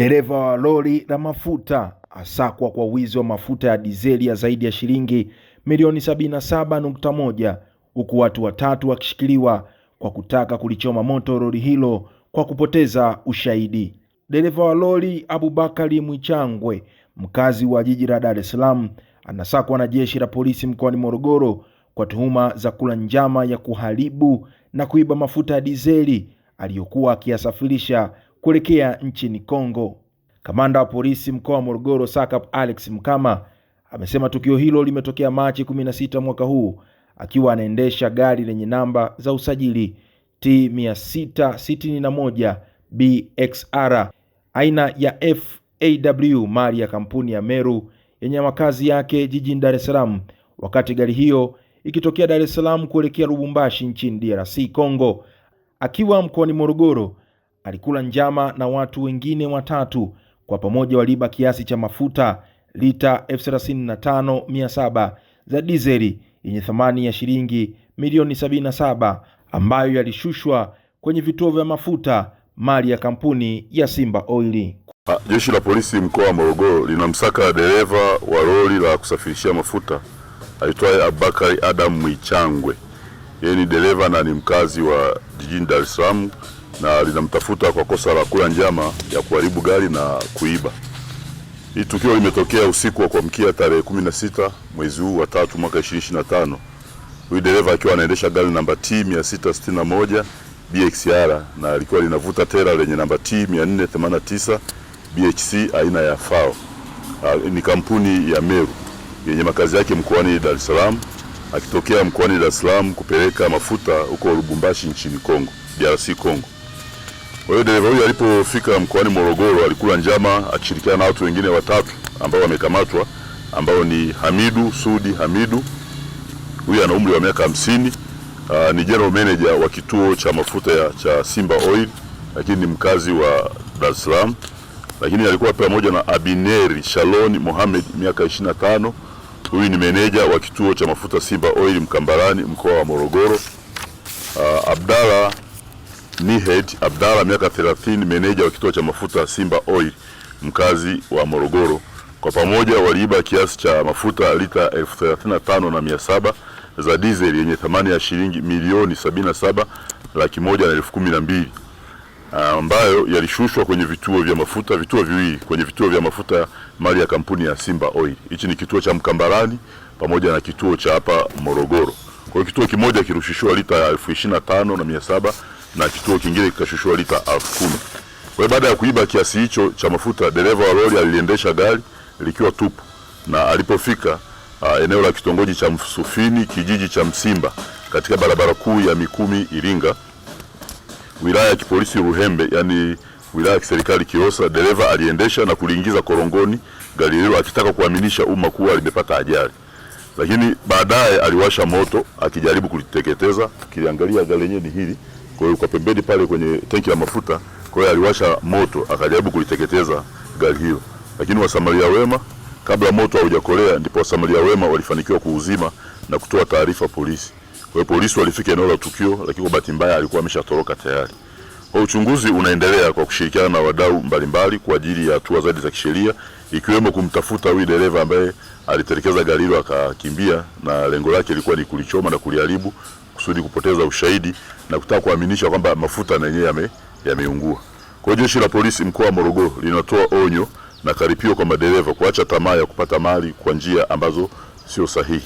Dereva wa lori la mafuta asakwa kwa wizi wa mafuta ya dizeli ya zaidi ya shilingi milioni 77.1 huku watu watatu wakishikiliwa kwa kutaka kulichoma moto lori hilo kwa kupoteza ushahidi. Dereva wa lori Abubakari Mwichangwe, mkazi wa jiji la Dar es Salaam, anasakwa na jeshi la polisi mkoani Morogoro kwa tuhuma za kula njama ya kuharibu na kuiba mafuta ya dizeli aliyokuwa akiyasafirisha kuelekea nchini Kongo. Kamanda wa polisi mkoa wa Morogoro SACP Alex Mkama amesema tukio hilo limetokea Machi 16 mwaka huu akiwa anaendesha gari lenye namba za usajili T 661 BXR aina ya FAW mali ya kampuni ya Meru yenye makazi yake jijini Dar es Salaam, wakati gari hiyo ikitokea Dar es Salaam kuelekea Lubumbashi nchini DRC Congo. Akiwa mkoani Morogoro, alikula njama na watu wengine watatu, kwa pamoja waliiba kiasi cha mafuta lita 35,700 za dizeli yenye thamani ya shilingi milioni sabini saba ambayo yalishushwa kwenye vituo vya mafuta mali ya kampuni ya Simba Oil. Ah, jeshi la polisi mkoa wa Morogoro linamsaka dereva wa lori la kusafirishia mafuta aitwaye Abubakari Adam Mwichangwe. Yeye ni dereva na ni mkazi wa jijini Dar es Salaam na linamtafuta kwa kosa la kula njama ya kuharibu gari na kuiba. Hii tukio limetokea usiku wa kuamkia tarehe 16 mwezi huu wa tatu mwaka 2025, huyu dereva akiwa anaendesha gari namba T 661 BXR na alikuwa linavuta tera lenye namba T 489 BHC aina ya FAO. Ah, ni kampuni ya Meru yenye makazi yake mkoani Dar es Salaam akitokea mkoani Dar es Salaam kupeleka mafuta huko Lubumbashi nchini Kongo, DRC Kongo. Kwa hiyo dereva huyu alipofika mkoani Morogoro alikula njama akishirikiana na watu wengine watatu ambao wamekamatwa ambao ni Hamidu Sudi Hamidu, huyu ana umri wa miaka hamsini. Uh, ni general manager wa kituo cha mafuta ya, cha Simba Oil lakini ni mkazi wa Dar es Salaam, lakini alikuwa pamoja na Abineri Shaloni Mohamed miaka 25, huyu ni meneja wa kituo cha mafuta Simba Oil Mkambarani mkoa wa Morogoro. Uh, ah, Abdalla Mihed Abdalla miaka 30, meneja wa kituo cha mafuta Simba Oil mkazi wa Morogoro. Kwa pamoja waliiba kiasi cha mafuta lita elfu na za diesel yenye thamani ya shilingi milioni 77 laki moja na elfu kumi na mbili ambayo yalishushwa kwenye vituo vya mafuta vituo viwili kwenye vituo vya mafuta mali ya kampuni ya Simba Oil. Hichi ni kituo cha Mkambarani pamoja na kituo cha hapa Morogoro. Kwa hiyo kituo kimoja kirushishiwa lita elfu ishirini na tano na mia saba na kituo kingine kikashushwa lita elfu kumi. Kwa hiyo baada ya kuiba kiasi hicho cha mafuta, dereva wa lori aliendesha gari likiwa tupu na alipofika uh, eneo la kitongoji cha Msufini kijiji cha Msimba katika barabara kuu ya Mikumi Iringa, wilaya ya kipolisi Ruhembe, yani wilaya ya kiserikali Kiosa, dereva aliendesha na kuliingiza korongoni gari hilo akitaka kuaminisha umma kuwa limepata ajali, lakini baadaye aliwasha moto akijaribu kuliteketeza. Kiliangalia gari lenyewe ni hili kwa hiyo kwa pembeni pale kwenye tenki la mafuta, kwa hiyo aliwasha moto akajaribu kuliteketeza gari hilo, lakini wasamaria wema, kabla moto haujakolea, ndipo wasamaria wema walifanikiwa kuuzima na kutoa taarifa polisi. Kwa hiyo polisi walifika eneo la tukio, lakini kwa bahati mbaya alikuwa ameshatoroka tayari. Kwa uchunguzi unaendelea kwa kushirikiana na wadau mbalimbali kwa ajili ya hatua zaidi za kisheria ikiwemo kumtafuta huyu dereva ambaye alitelekeza gari hilo akakimbia, na lengo lake lilikuwa ni kulichoma na kuliharibu kusudi kupoteza ushahidi na kutaka kuaminisha kwamba mafuta na yenyewe yameungua. Kwa Jeshi la Polisi mkoa wa Morogoro linatoa onyo na karipio kwa madereva kuacha tamaa ya kupata mali kwa njia ambazo sio sahihi.